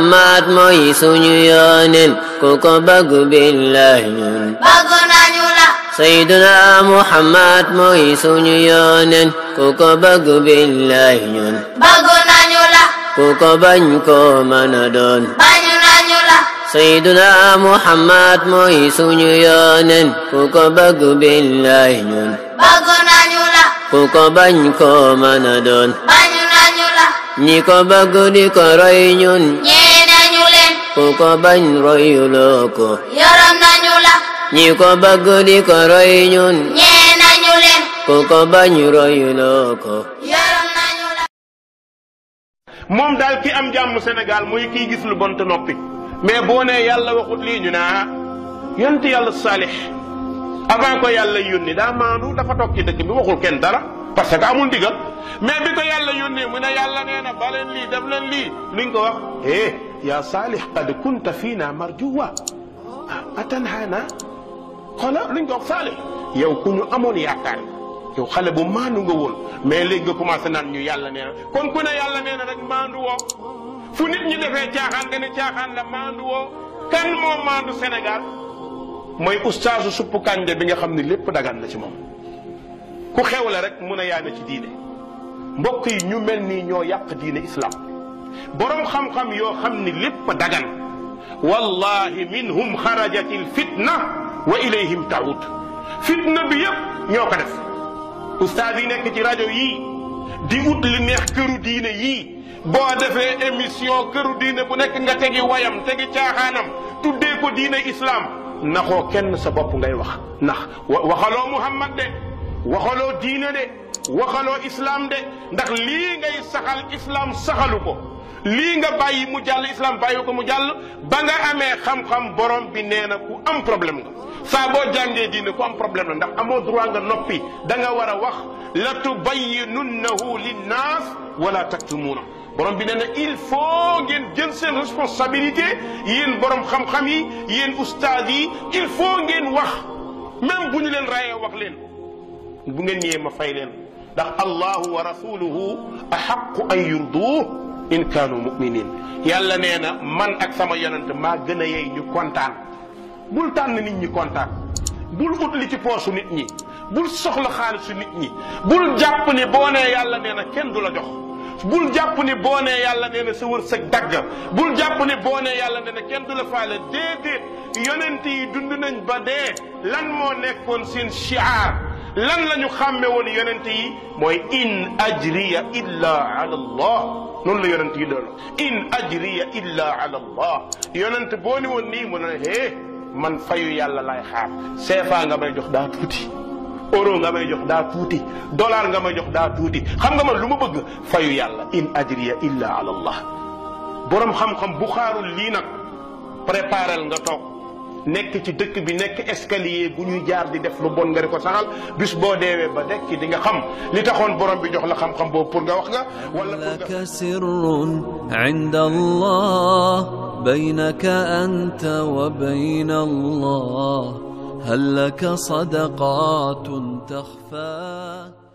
Muhammad moyi sunyuyonin kuko bagu billahin bagu nanyula Sayyiduna Muhammad moyi sunyuyonin kuko bagu billahin bagu nanyula kuko banko manadon banyu nanyula Sayyiduna Muhammad moyi sunyuyonin kuko bagu billahin bagu nanyula kuko banko manadon banyu nanyula Niko bagu diko roinyun ku ko bañ royuloo ko yorom nañu la ñi ko bëgg di ko roy ñun ñee nañu leen ku ko bañ royuloo ko yorom nañu la moom daal ki am jàmm Sénégal muy kii gis lu bon te noppi mais boo nee yàlla waxut lii ñu ne ah yàlla saalix avant ko yàlla yónni daa maandu dafa toog dëkk bi waxul kenn dara parce que amul ndigal mais bi ko yàlla yónnee mu ne yàlla nee na ba lii def leen lii luñ ko wax eh yaa saalix qad kunta fiina marjuwa atanhaana xoola luñ ko wax saalix yow ku ñu amoon yaakaar yow xale bu maandu nga woon mais léegi nga commencé naan ñu yàlla nee kon ku ne yàlla nee na rek maandu woo fu nit ñi defee caaxaan nga ne caaxaan la maandu woo kan moo maandu Sénégal mooy ustaasu suppu kànja bi nga xam ne lépp dagan na ci moom ku xew la rek mun a yaana ci diine mbokk yi ñu mel nii ñoo yàq diine islam borom xam-xam yoo xam ni lépp dagan wallahi minhum xarajat fitna wa ilayhim taud fitna bi yépp ñoo ko def ustaas yi nekk ci rajo yii di ut li neex këru diine yii boo defee émission këru diine bu nekk nga tegi wayam tegi caaxaanam tuddee ko diine islam naxoo kenn sa bopp ngay wax ndax waxaloo muhammad de waxaloo diine de waxaloo islam de ndax lii ngay saxal islaam saxalu ko lii nga bàyyi mu jàll islaam bàyyi ko mu jàll ba nga amee xam-xam borom bi nee na ku am problème nga saa jàngee diine ku am problème la ndax amoo droit nga noppi danga war a wax la tubayyinunnahu linnaas wala taktumuuna borom bi nee na il faut ngeen jël seen responsabilité yéen borom xam-xam yi yéen ustaas yi il faut ngeen wax même bu ñu leen raayee wax leen bu ngeen ñëwee ma fay leen ndax allahu wa rasuluhu axaqu an yurduuh in kaanu muminin yàlla nee na man ak sama yonent maa gën a yey ñu kontaan bul tànn nit ñi kontaan bul ut li ci poosu nit ñi bul soxla xaalisu nit ñi bul jàpp ni boo nee yàlla nee na kenn du la jox bul jàpp ni boo nee yàlla nee na sa wërsëg dagg bul jàpp ni boo nee yàlla nee na kenn du la faale déedéet yonent yi dund nañ ba dee lan moo nekkoon seen chiar lan la ñu xàmme woon yonent yi mooy in ajriya illa ala allah noonu la yonent yi doon in ajriya illa ala allah yonent boo ni woon nii mu ne hee man fayu yàlla laay xaar seefaa nga may jox daa tuuti euro nga may jox daa tuuti dollar nga may jox daa tuuti xam nga man lu ma bëgg fayu yàlla in ajriya illa ala allah borom xam-xam bu xaarul lii nag préparel nga toog nek ci dëkk bi nek escalier bu ñuy jaar di def lu bon nga di ko saxal bis bo deewee ba dekki di nga xam li taxoon borom bi jox la xam-xam bo pour nga wax nga wala laka sirrun inda allah بينك أنت وبين الله هل لك صدقات تخفى